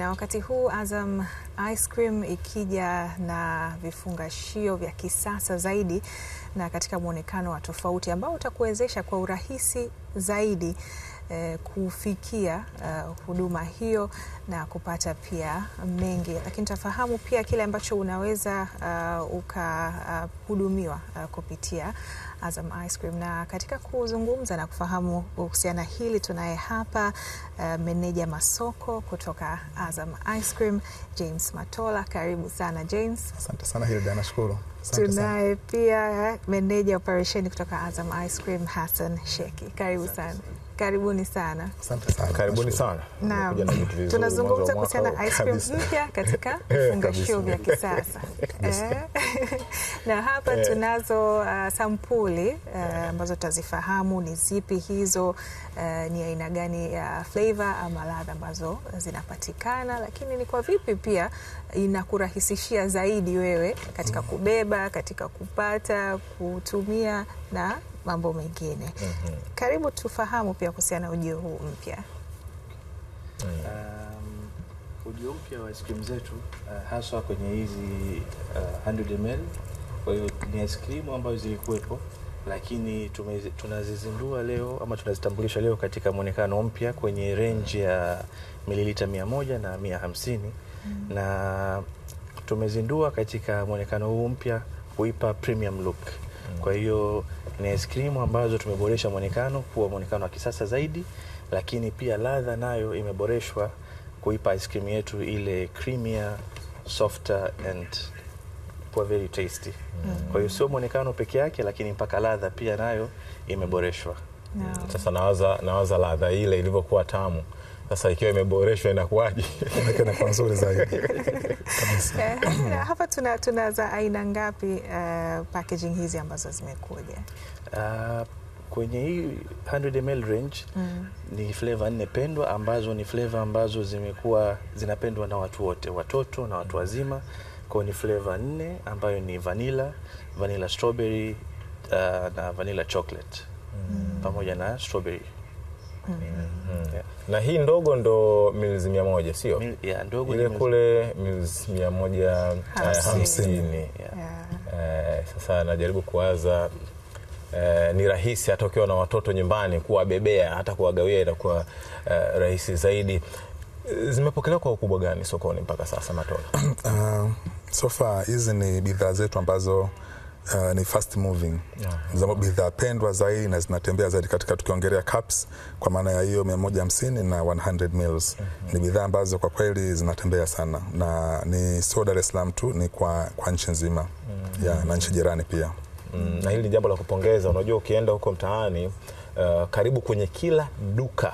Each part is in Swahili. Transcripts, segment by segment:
Na wakati huu Azam Ice Cream ikija na vifungashio vya kisasa zaidi na katika mwonekano wa tofauti ambao utakuwezesha kwa urahisi zaidi eh, kufikia uh, huduma hiyo na kupata pia mengi, lakini tafahamu pia kile ambacho unaweza uh, ukahudumiwa uh, uh, kupitia Azam Ice Cream. Na katika kuzungumza na kufahamu kuhusiana hili tunaye hapa uh, meneja masoko kutoka Azam Ice Cream James Matola, karibu sana James. Asante sana Hilda, nashukuru. Tunaye pia meneja operesheni kutoka Azam Ice Cream Hassan Sheki, karibu sana. Karibuni sana. Asante sana. Karibuni sana. Naam. Tunazungumza kuhusiana na ice cream mpya katika vifungashio vya kisasa eh? na hapa eh. tunazo uh, sampuli eh, ambazo uh, tutazifahamu ni zipi hizo, uh, ni aina gani ya flavor ama ladha ambazo zinapatikana, lakini ni kwa vipi pia inakurahisishia zaidi wewe katika kubeba, katika kupata, kutumia na mambo mengine mm -hmm. Karibu tufahamu pia kuhusiana na ujio huu mpya mm Um, ujio mpya wa ice zetu uh, haswa kwenye hizi uh, 100 ml kwa hiyo ni ice ambazo zilikuwepo lakini tume, tunazizindua leo ama tunazitambulisha leo katika mwonekano mpya kwenye range ya mililita mia moja na mia hamsini mm -hmm. na tumezindua katika mwonekano huu mpya kuipa premium look. Mm -hmm. Kwa hiyo ni ice cream ambazo tumeboresha mwonekano kuwa mwonekano wa kisasa zaidi, lakini pia ladha nayo imeboreshwa kuipa ice cream yetu ile creamier, softer and very tasty. Mm. Kwa hiyo sio mwonekano peke yake, lakini mpaka ladha pia nayo imeboreshwa. Yeah. Sasa nawaza, nawaza ladha ile ilivyokuwa tamu sasa ikiwa imeboreshwa inakuwaje? kwa nzuri zaidi eh, eh, Hapa tuna tuna za aina ngapi uh, packaging hizi ambazo zimekuja uh, kwenye hii 100 ml range mm. Ni flavor nne pendwa ambazo ni flavor ambazo zimekuwa zinapendwa na watu wote, watoto na watu wazima. Kwa ni flavor nne ambayo ni vanilla, vanilla strawberry uh, na vanilla chocolate. Mm. pamoja na strawberry. Mm -hmm. Mm Yeah. Na hii ndogo ndo mils mia moja sio? Mil, yeah, ndogo ile kule mils mia moja eh, hamsini. Eh, sasa najaribu kuwaza Uh, ni rahisi hata ukiwa na watoto nyumbani kuwabebea hata kuwagawia itakuwa uh, rahisi zaidi. Zimepokelewa kwa ukubwa gani sokoni mpaka sasa matunda? Uh, ah, so far hizi ni bidhaa zetu ambazo uh, ni fast moving yeah. bidhaa pendwa zaidi na zinatembea zaidi katika tukiongelea caps kwa maana ya hiyo 150 na 100 mils mm -hmm. ni bidhaa ambazo kwa kweli zinatembea sana na ni sio Dar es Salaam tu ni kwa, kwa nchi nzima mm -hmm. yeah, na nchi jirani pia mm, na hili ni jambo la kupongeza unajua ukienda huko mtaani uh, karibu kwenye kila duka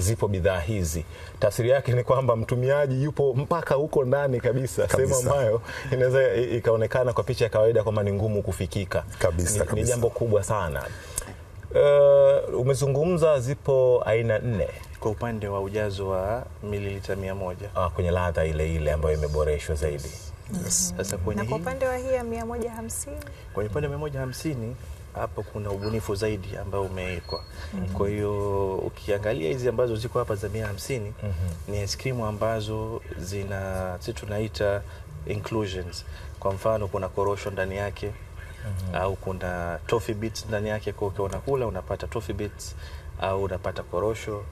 zipo bidhaa hizi. Tafsiri yake ni kwamba mtumiaji yupo mpaka huko ndani kabisa, sehemu ambayo inaweza ikaonekana kwa picha ya kawaida kwamba ni ngumu kufikika kabisa, kabisa. Ni jambo kubwa sana. Uh, umezungumza zipo aina nne kwa upande wa ujazo wa mililita mia moja ah, kwenye ladha ile ile ambayo imeboreshwa zaidi. Yes. Mm-hmm. Sasa kwenye kwa upande wa hii ya 150 kwenye upande wa hapo kuna ubunifu zaidi ambao umewekwa. mm -hmm. Kwa hiyo ukiangalia hizi ambazo ziko hapa za mia hamsini mm -hmm. ni ice cream ambazo zina si tunaita inclusions. Kwa mfano kuna korosho ndani yake mm -hmm. au kuna toffee bits ndani yake, kwa ukiwa unakula unapata toffee bits au unapata korosho.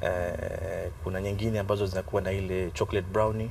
Eh, kuna nyingine ambazo zinakuwa na ile chocolate brownie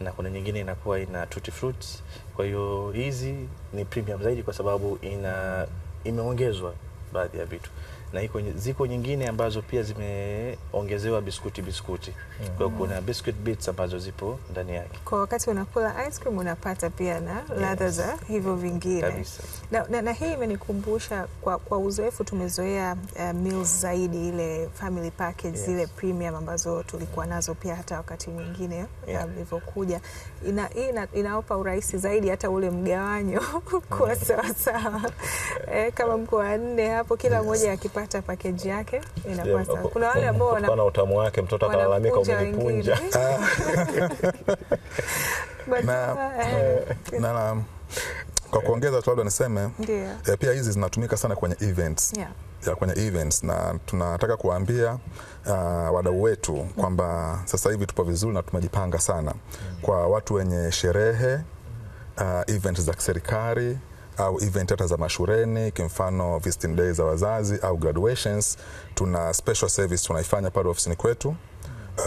na kuna nyingine inakuwa ina tutti fruits. Kwa hiyo hizi ni premium zaidi kwa sababu ina imeongezwa baadhi ya vitu na iko, ziko nyingine ambazo pia zimeongezewa biskuti biskuti mm. Kwa kuna biscuit bits ambazo zipo ndani yake, kwa wakati unakula ice cream unapata pia na yes. ladha za hivyo vingine na, na, na hii imenikumbusha kwa, kwa uzoefu tumezoea uh, meals zaidi ile family package yes. zile premium ambazo tulikuwa nazo pia hata wakati mwingine eh, yeah. ilivyokuja ina, ina, inaopa urahisi zaidi hata ule mgawanyo kuwa mm. sawasawa eh, kama mko wanne hapo kila mmoja yes kupata pakeji yake inakuwa sawa. Kuna wale ambao wana utamu wake, mtoto akalalamika umenipunja eh, eh, na kwa kuongeza tu labda niseme yeah. Pia hizi zinatumika sana kwenye events yeah. Ya kwenye events na tunataka kuwaambia uh, ah, wadau wetu kwamba sasa hivi tupo vizuri na tumejipanga sana mm. kwa watu wenye sherehe uh, events za kiserikali au event hata za mashuleni, kimfano visiting days za wazazi au graduations. Tuna special service tunaifanya pale ofisini kwetu. Uh,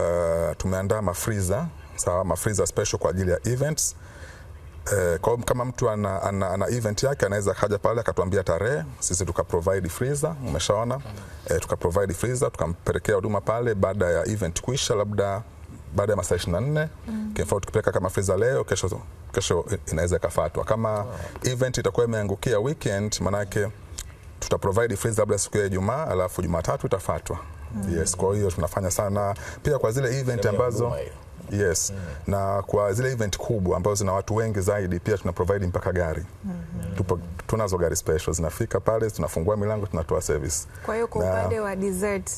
tumeandaa mafriza sawa, mafriza special kwa ajili ya events Eh, kwa kama mtu ana, ana, ana event yake anaweza kaja pale akatuambia tarehe, sisi tuka provide freezer, umeshaona eh, tuka provide freezer tukampelekea huduma pale baada ya event kuisha labda baada ya masaa 24 mm. Kifaa tukipeleka kama freezer leo, kesho, kesho inaweza ikafatwa kama right. Event itakuwa imeangukia weekend, manake tuta provide freezer labda siku ya Ijumaa alafu Jumatatu itafatwa mm. Yes, kwa hiyo tunafanya sana pia kwa zile event ambazo Yes. Mm Na kwa zile event kubwa ambazo zina watu wengi zaidi pia tuna provide mpaka gari. Mm Tupo, tunazo gari special zinafika pale, tunafungua milango, tunatoa service. Kwa hiyo kwa upande wa dessert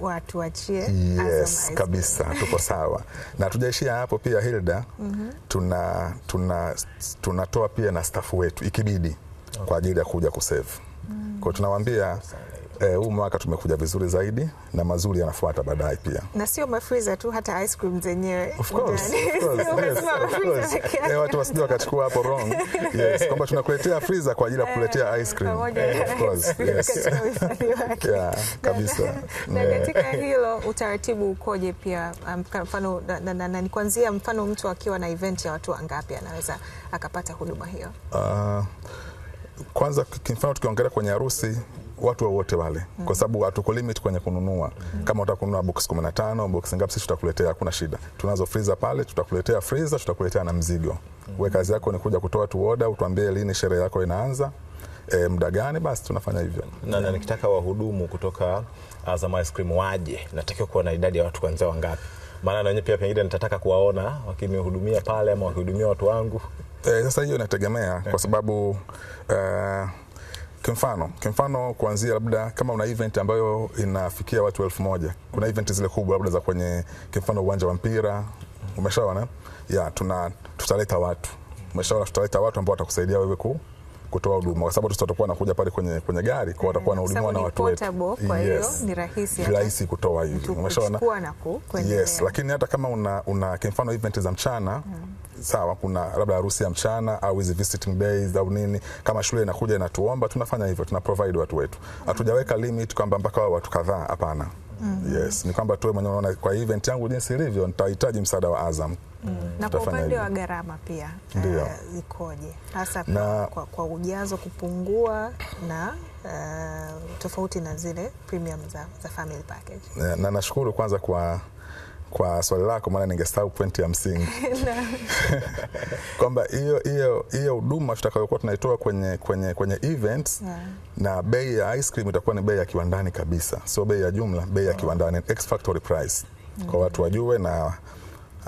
watuachie. Yes, kabisa tuko sawa na tujaishia hapo pia Hilda, mm -hmm. tuna tuna tunatoa pia na stafu wetu ikibidi, okay. kwa ajili ya kuja kusave mm. Kwa hiyo tunawaambia Eh, huu mwaka tumekuja vizuri zaidi na mazuri yanafuata baadaye pia. Na sio mafriza tu, hata ice cream zenyewe eh, watu wasije wakachukua hapo wrong, yes, kwamba tunakuletea freezer kwa ajili ya kuletea eh, ice cream kabisa. Na katika hilo utaratibu ukoje pia? Um, mfano na kuanzia mfano mtu akiwa na event ya watu wangapi anaweza akapata huduma hiyo? Ah, kwanza kimfano, tukiongelea kwenye harusi watu wote wa wale mm. kwa sababu hatuko limit kwenye kununua mm. kama utakununua box 15 box ngapi, sisi tutakuletea, hakuna shida. Tunazo freezer pale, tutakuletea freezer, tutakuletea na mzigo mm. wewe kazi yako ni kuja kutoa tu order, utuambie lini sherehe yako inaanza e, muda gani, basi tunafanya hivyo. Na, na nikitaka wahudumu kutoka Azam Ice Cream waje, natakiwa kuwa na idadi ya watu kwanza wangapi? Maana na wenyewe pia pengine nitataka kuwaona wakinihudumia pale ama wakihudumia watu wangu. E, sasa hiyo inategemea kwa sababu uh, Kimfano, kimfano kuanzia labda kama una event ambayo inafikia watu elfu moja kuna event zile kubwa labda za kwenye kimfano uwanja wa mpira umeshaona, ya tuna tutaleta watu umeshaona, tutaleta watu ambao watakusaidia wewe ku kutoa huduma kwa sababu tutakuwa nakuja pale kwenye, kwenye gari kwa watakuwa huduma na watu wetu. Kwa hiyo yes. ni rahisi rahisi kutoa hivi. Umeshaona? Yes, lakini hata kama una, una kimfano event za mchana hmm. Sawa, kuna labda harusi ya mchana au hizi visiting days au nini, kama shule inakuja inatuomba, tunafanya hivyo, tuna provide watu wetu. Hmm. Hatujaweka limit kwamba mpaka watu kadhaa, hapana mm. Yes, ni kwamba tuwe mwenye unaona kwa event yangu jinsi ilivyo nitahitaji msaada wa Azam. Mm. Na kwa upande wa gharama pia uh, ikoje hasa kwa, kwa, kwa ujazo kupungua na uh, tofauti na zile premium za, za family package. Eh, na nashukuru kwanza kwa kwa swali lako, maana ningesahau pointi ya msingi kwamba hiyo hiyo hiyo huduma tutakayokuwa tunaitoa kwenye, kwenye, kwenye events na bei ya ice cream itakuwa ni bei ya kiwandani kabisa, sio bei ya jumla, bei ya kiwandani, ex factory price kwa mm. watu wajue na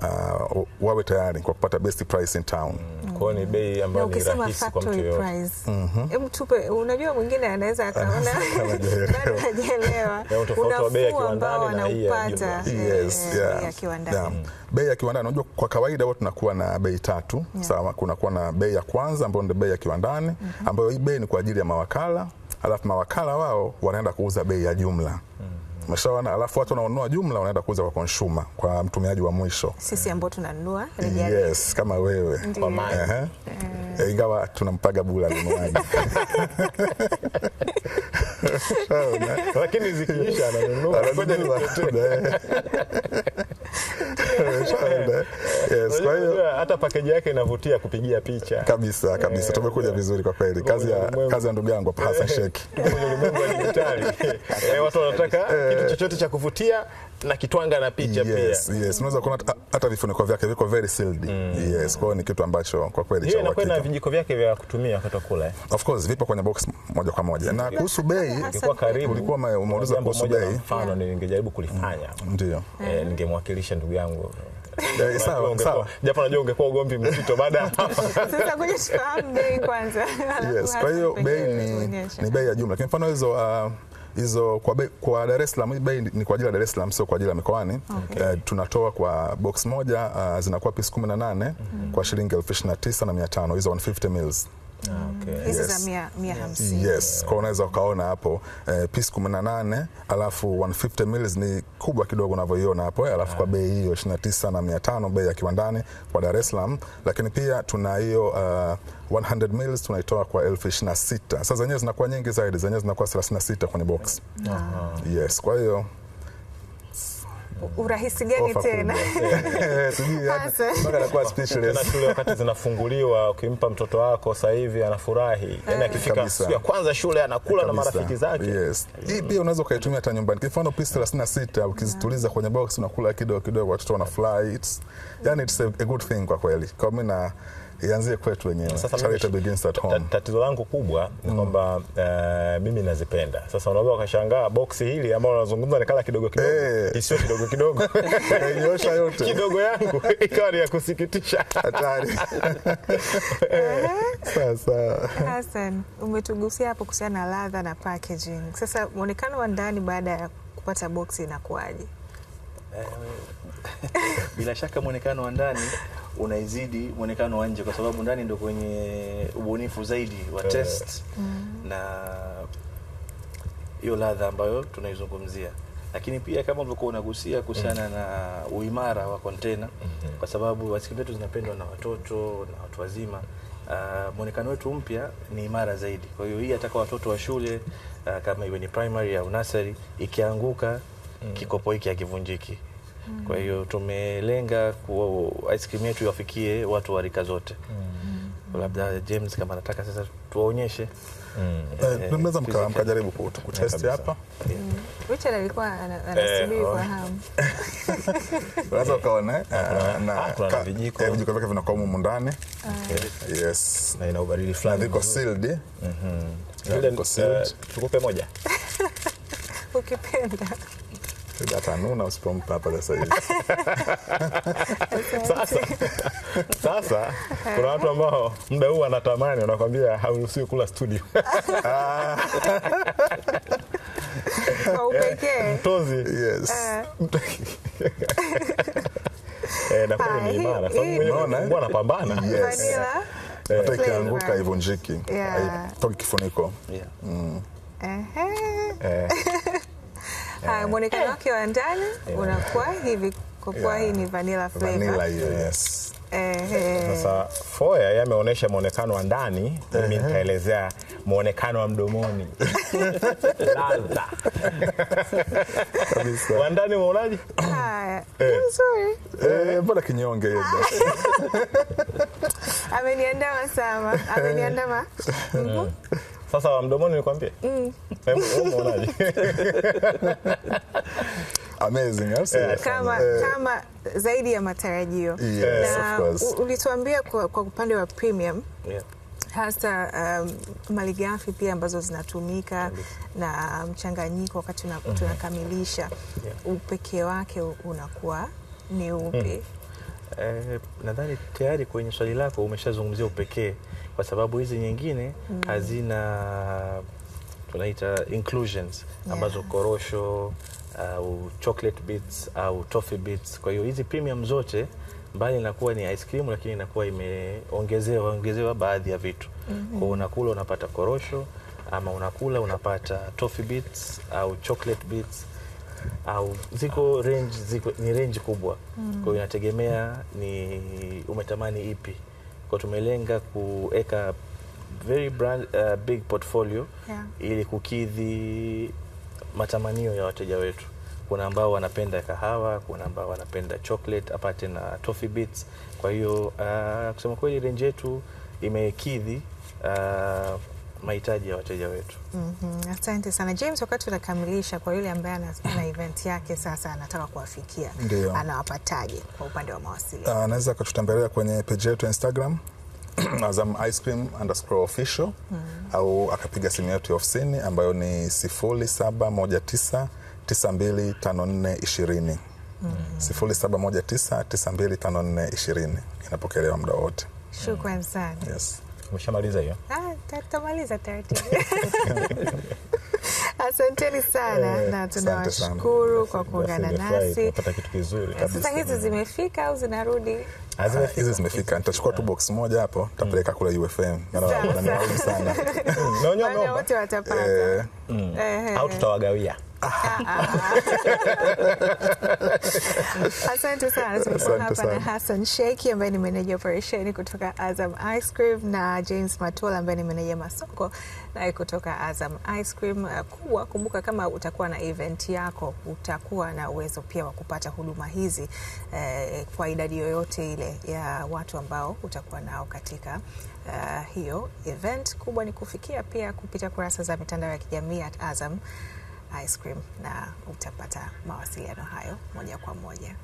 uh, wawe tayari kwa kupata best price in town. Mm. Kwa ni bei ambayo ni rahisi kwa mtu yoyote. Mhm. Hebu tupe, unajua mwingine anaweza akaona bado hajaelewa. Yaani Una bei ya kiwandani na hii eh, Yes, yeah. ya kiwandani. Yeah. Bei ya kiwandani unajua kwa kawaida huwa tunakuwa na bei tatu, yeah. Sawa, kuwa na bei ya kwanza ambayo ndio bei ya kiwandani mm -hmm. ambayo hii bei ni kwa ajili ya mawakala, alafu mawakala wao wanaenda kuuza bei ya jumla. Mm. Umeshaona, alafu watu wanaonunua jumla wanaenda kuuza kwa consumer, kwa mtumiaji wa mwisho, sisi ambao tunanunua rejea. Yes, kama wewe kwa maana Eh. Uh eh, -huh. ingawa mm. tunampaga bula mnuaji lakini zikiisha ananunua. Eh. Eh, hata pakeji yake inavutia kupigia picha kabisa kabisa. Yeah, tumekuja yeah. vizuri kwa kweli, kazi ya kazi ya ndugu yangu Hassan eh, Sheikh, wa watu wanataka kitu chochote cha kuvutia na kitwanga na picha yes, pia. Yes, unaweza kuona hata vifuniko vyake viko very sealed. Mm. Yes, kwa ni kitu ambacho kwa kweli cha uhakika. Hiyo na vijiko vyake vya kutumia wakati kula. Eh? Of course, vipo kwenye box moja kwa moja. Na kuhusu bei, ilikuwa karibu. Ulikuwa umeuliza kuhusu bei. Mfano ningejaribu kulifanya. Mm. Ndio. Eh, ningemwakilisha ndugu yangu Yeah, sawa sawa, japo najua ungekuwa ugomvi mzito baada ya hapa. Sasa kuja bei kwanza. Yes, kwa hiyo bei ni, ni bei ya jumla. Kwa mfano hizo uh, hizo kwa, be, kwa Dar es Salaam bei ni kwa ajili ya Dar es Salaam, sio kwa ajili ya mikoani okay. E, tunatoa kwa box moja uh, zinakuwa pisi 18 mm -hmm. kwa shilingi elfu ishirini na tisa na mia tano hizo 150 mils yes. Kwa unaweza ukaona hapo eh, 18 alafu 150 mils ni kubwa kidogo unavyoiona hapo eh, alafu kwa bei hiyo 29 na 500 bei ya kiwandani kwa Dar es Salaam, lakini pia tuna hiyo uh, 100 mils tunaitoa kwa elfu 26. Sasa zenyewe zinakuwa nyingi zaidi, zenyewe zinakuwa 36 kwenye box ah. yes, kwa hiyo urahisi gani tena? Eh, eh, shule wakati zinafunguliwa, ukimpa mtoto wako sasa hivi anafurahi, yani eh. akifika siku ya kwanza shule anakula na marafiki zake. Yes. Hii pia unaweza ukaitumia hata nyumbani. Kwa mfano pisi 36 ukizituliza kwenye box unakula kidogo kidogo, watoto wanafurahi. It's yani it's a good thing kwa kweli. Kwa mimi na ianzie kwetu wenyewe charity begins at home. Tatizo langu kubwa ni mm. kwamba uh, mimi nazipenda. Sasa unaweza ukashangaa boksi hili ambalo unazungumza ni kala kidogo kidogo, hey. Eh. isiyo kidogo kidogo inyosha yote kidogo yangu ikawa ni ya kusikitisha hatari. Eh, sasa Hassan, umetugusia hapo kuhusiana na ladha na packaging. Sasa muonekano wa ndani baada ya kupata boksi inakuwaje? bila shaka muonekano wa ndani unaizidi mwonekano wa nje, kwa sababu ndani ndo kwenye ubunifu zaidi wa eh. test mm. na hiyo ladha ambayo tunaizungumzia, lakini pia kama ulivyokuwa unagusia kuhusiana mm. na uimara wa kontena mm -hmm. kwa sababu aiskrimu zetu zinapendwa na watoto na watu wazima. Uh, mwonekano wetu mpya ni imara zaidi. Kwa hiyo hii ataka watoto wa shule uh, kama iwe ni primary au nursery, ikianguka mm. kikopo hiki hakivunjiki. Kwa hiyo tumelenga ice cream yetu iwafikie watu wa rika zote. Mm. Labda James kama anataka sasa tuwaonyeshe. Mm. Eh, eh, mkajaribu kutest eh, hapa. Mm. Richard alikuwa anasubiri eh, kwa oh. hamu. Unaweza ukaona eh, na ah, vijiko vijiko vyake vinakuwa humu ndani. Ah. Yes. Na ina ubaridi fulani. Viko sealed. Mhm. Vile tukupe moja. Ukipenda sijatanuna usipompa hapa sasa hivi. Sasa, sasa kuna watu ambao muda huu anatamani, unakwambia hauruhusiwi kula studio eh, mtozi yes. Eh, eh na kweli ni ah, imara sababu anapambana eh. hata ikianguka ivunjiki, haitoki kifuniko. Mm. Haya, eh. mwonekano wake wa ndani eh. unakuwa hivi kwa kuwa hii ni vanilla flavor. Vanilla hiyo, yes. Sasa foya yameonyesha mwonekano wa ndani, mimi nitaelezea mwonekano wa mdomoni ladha wa ndani. Umeonaje? Eh. Mbona kinyonge Ameniandama sama, ameniandama sasa mdomoni nikwambie. Mm. Umeonaje? Amazing. Yeah. Kama, yeah. kama zaidi ya matarajio. Yes, na Ulituambia kwa, kwa upande wa premium. Yeah hasa um, malighafi pia ambazo zinatumika na mchanganyiko wakati mm-hmm. tunakamilisha yeah. Upekee wake unakuwa ni upi? mm. Eh, nadhani tayari kwenye swali lako umeshazungumzia upekee kwa sababu hizi nyingine mm. hazina tunaita inclusions yeah. ambazo korosho uh, au chocolate bits au toffee bits. Kwa hiyo hizi premium zote mbali inakuwa ni ice cream, lakini inakuwa imeongezewa ongezewa baadhi ya vitu mm -hmm. Kwa unakula unapata korosho ama unakula unapata toffee bits au chocolate bits au ziko range, ziko ni range kubwa mm -hmm. Kwa hiyo inategemea ni umetamani ipi kwa tumelenga kuweka very brand, uh, big portfolio yeah. ili kukidhi matamanio ya wateja wetu. Kuna ambao wanapenda kahawa, kuna ambao wanapenda chocolate apate na toffee bits. Kwa hiyo uh, kusema kweli range yetu imekidhi uh, mahitaji ya wateja wetu. mm -hmm. Asante sana James, wakati unakamilisha kwa yule ambaye ana event yake sasa anataka kuwafikia, anawapataje kwa upande wa mawasiliano? Ah, anaweza akatutembelea kwenye page yetu ya Instagram Azam Ice Cream underscore official mm -hmm. au akapiga simu yetu ya ofisini ambayo ni 0719 mhm. inapokelewa muda wote. Shukrani sana. Yes. Umeshamaliza hiyo? Ah, tutamaliza taratibu. Asanteni sana eh, na tunawashukuru kwa kuungana nasi. Sasa hizi zimefika au zinarudi? Ah, hizi zimefika, nitachukua tu box moja hapo, tapeleka kule UFM sana, wote watapata eh, mm. au tutawagawia Asante sana. Tumekuwa hapa na Hassan sheki ambaye ni meneja operesheni kutoka Azam Ice Cream na James matol ambaye ni meneja masoko naye kutoka Azam Ice Cream. Uh, kuwa kumbuka, kama utakuwa na event yako utakuwa na uwezo pia wa kupata huduma hizi eh, kwa idadi yoyote ile ya watu ambao utakuwa nao katika uh, hiyo event. Kubwa ni kufikia pia kupita kurasa za mitandao ya kijamii at Azam ice cream, na utapata mawasiliano hayo moja kwa moja.